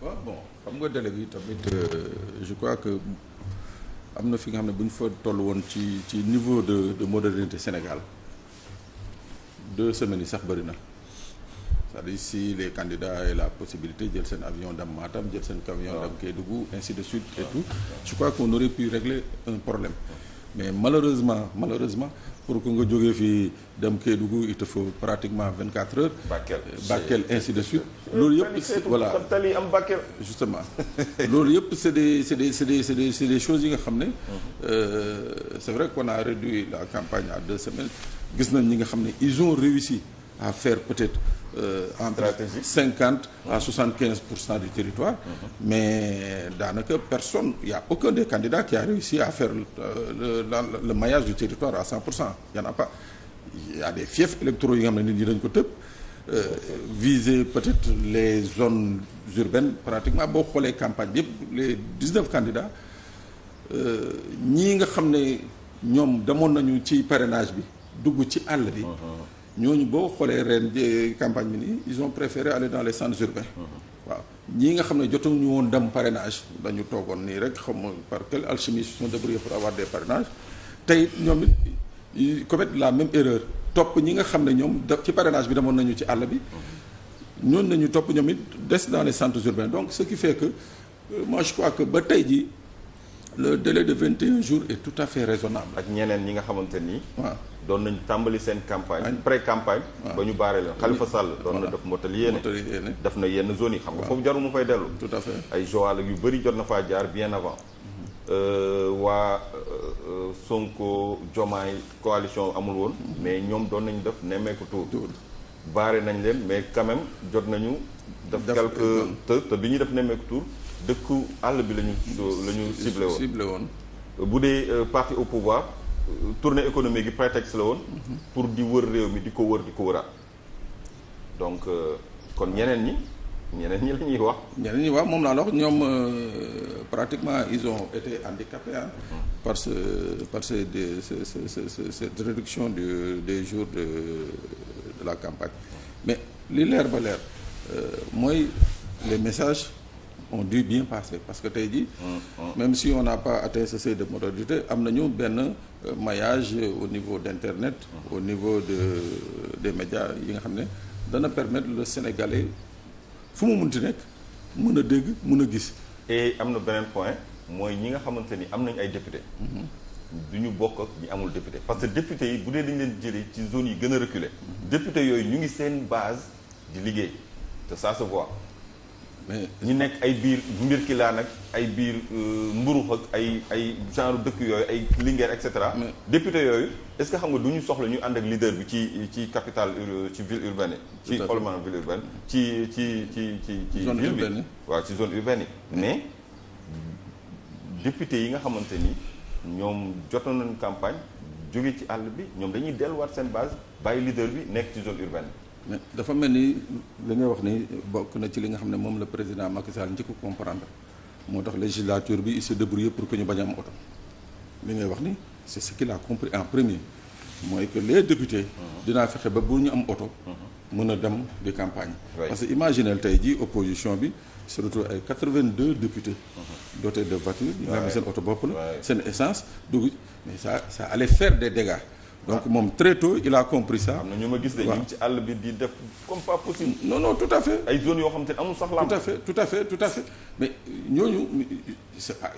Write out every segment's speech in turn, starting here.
waaw bon xam nga délai bi tamit euh, je crois que am na fi nga xam ne bu foot fa toll woon ci ci niveau de de modernité Sénégal deux semaines yi sax bëri na cest si les candidats aient la possibilité jël seen avion dem Matam jël seen cavion dem Kédougou ainsi de suite et tout je crois qu'on aurait pu régler un problème mais malheureusement malheureusement pour que nga jógee fii dem Kédougou il te faut pratiquement vingt quatre heures. Bakel Bakel ainsi de suite. loolu yëpp voilà tali am Bakel. justement loolu yëpp c' est des c' est des c' est des yi nga xam ne. Euh, c' vrai qu' a réduit la campagne à deux semaines gis nañ ñi nga xam ne ils ont réussi. à faire peut-être euh, entre cinquante à soixante-quinze pour cent du territoire. Mhm. mais daanaka personne il y a aucun des candidats qui a réussi à faire euh, le, le, du territoire à cent pour cent il y en a pas. il y a des yi nga xam ne nit ñi dañ ko tëb. Euh, viser peut-être les zones urbaines pratiquement boo xoolee campagne bi yëpp les dix-neuf candidats euh, ñii nga xam ne ñoom demoon nañu ci parrainage bi dugg ci àll bi. Mhm. ñooñu boo xoolee ren campagne bi nii ils ont préféré aller dans les centres urbains. Mm-hmm. waaw ñii nga xam ne jotuñu woon dem parenage dañu toogoon nii rek xam par quelle alchimie se sont pour avoir des tey ñoom it commettre la même erreur topp ñi nga xam ne ñoom da ci parenage bi demoon nañu ci àll bi. Mm-hmm. ñoon nañu topp ñoom it des dans les centres urbains donc ce qui fait que moi je crois que ba tey jii. le délai de 21 jours est tout à fait raisonnable. ak ñeneen ñi nga xamante ni. waaw doon nañ tàmbali seen campagne. pré campagne. ba ñu baaree leen Khalifa Sall. doon na def mottali yéene def na yenn zone yi xam nga foofu jarul mu fay dellu. tout à fait ay Joal yu bëri jot na faa jaar bien avant. Mhm. Euh, waa euh, euh, Sonko yi coalition amul woon. Mhm. mais ñoom doon nañu def nemmeeku tuur. baare nañ leen mais quand jot nañu. def quelques te te bi ñuy def nemmeeku tuur. dëkku àll bi lañu ñu. la ñu ciblé woon woon. bu dee euh, parti au pouvoir euh, tournée économique gi prétexte la woon. Mhm. pour di wër réew mi di ko wër di ko a donc euh, kon ñeneen ñi ñeneen ñi la ñuy wax. ñeneen ñi wax moom laa la wax ñoom pratiquement ils ont été handicapés mhm. ah. par ce par ce de ce ce ce cette réduction de des jours de de la campagne mais li leer ba leer mooy les messages. ont dû bien passer parce que tey jii. même si on n'a pas atteint ce seuil de mortalité am nañu benn euh, maillage au niveau d'internet. au niveau de des médias yi nga xam ne dana permettre le Sénégalais fu mu munti nekk mun a dégg mun a gis. et am na beneen point mooy ñi nga xamante ni am nañu ay député. du ñu bokk ak amul député parce que député yi bu dee dañu leen jëlee ci zone yi gën a reculé. député yooyu ñu ngi seen base di liggéey te ça se voit. ñu nekk ay biir mbir ki laa nag ay biir euh, mburu ak ay ay genre dëkk yooyu ay Linguère et cetera. député yooyu est ce que xam nga du ñu soxla ñu ànd ak leader bi ci ci capitale ci ville urbaine ci xolman ville urbaine ci ci ci ci ci ville bi waaw ci zone urbaine yi mais député yi nga xamante ni ñoom jotoon nañ campagne jóge ci àll bi ñoom dañuy delluwaat seen base bàyyi leader bi nekk ci zone urbaine mais dafa mel ni li ngay wax ni bokk na ci li nga xam ne moom la président Macky Sall njëkk comprendre moo tax législature bi i se débrouille pour que ñu bañ am oto li ngay wax ni c'est ce qu'il a compris en premier mooy que les députés. Mhm. dinaa fexe ba bu ñu am oto. Mhm. mën a dem di campagne. parce que imaginel tey jii opposition bi surtout ay quatre-vingt-deux députés. Mhm. dotés de voitures. waaw nga xam ne seen oto bopp la. seen essence dugg mais ça ça allait faire des dégâts. donc moom très tôt il a compris ça. am na ñu ma gis de ci àll bi di def comme pas possible. non non tout à fait. ay zones yoo xam amul sax lamb. tout à fait tout à fait tout à fait mais ñooñu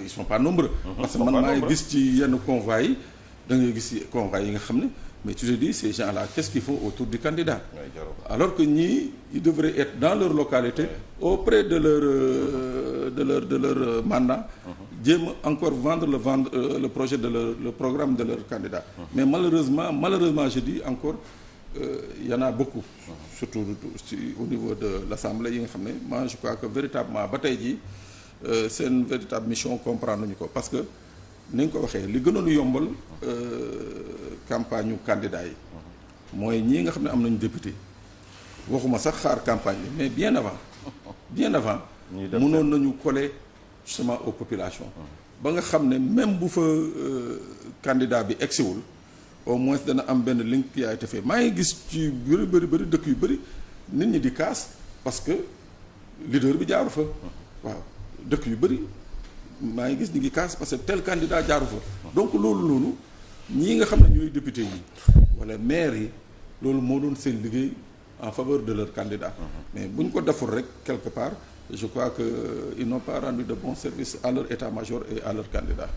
ils sont pas nombreux. Mhm. parce que man maa ngi gis ci yenn convois yi da ngay gis convois yi nga xam ne mais tu te dis ces gens là qu'est-ce qu'ils font autour du candidat. alors que ñii ils devraient être dans leur localité. auprès euh, de leur de leur de leur mandat. jéem a encore vendre le vendre euh, le projet de le programme de leur candidat. Uh -huh. mais malheureusement malheureusement je dis encore euh, y en a beaucoup. Uh -huh. surtout si au niveau de l'assemblée yi nga xam ne ma je crois que véritablement ba tey ji euh, seen véritable mission comprendre ñu ko parce que ni nga ko waxee li gënoon yombal euh, campagne ñu candidat yi. mooy ñii nga xam ne am nañu député waxuma sax xaar campagne bi mais bien avant. bien avant. mënoon nañu coller. justement aux populations ba nga xam ne même bu fa euh, candidat bi egsiwul au moins dana am benn link qui a été maa ngi gis ci bëri bëri dëkk yu bëri nit ñi di kaas parce que leader bi jaaru fa waaw dëkk yu bëri maa ngi gis ñu ngi kaas parce que tel candidat jaaru fa donc loolu noonu ñii nga xam ne ñooy député yi wala maire yi loolu moo doon seen liggéey en faveur de leur candidat mm-hmm. mais bu ñu ko deful rek quelque part je crois que euh, ils n'ont pas rendu de bons services à leur état-major et à leur candidat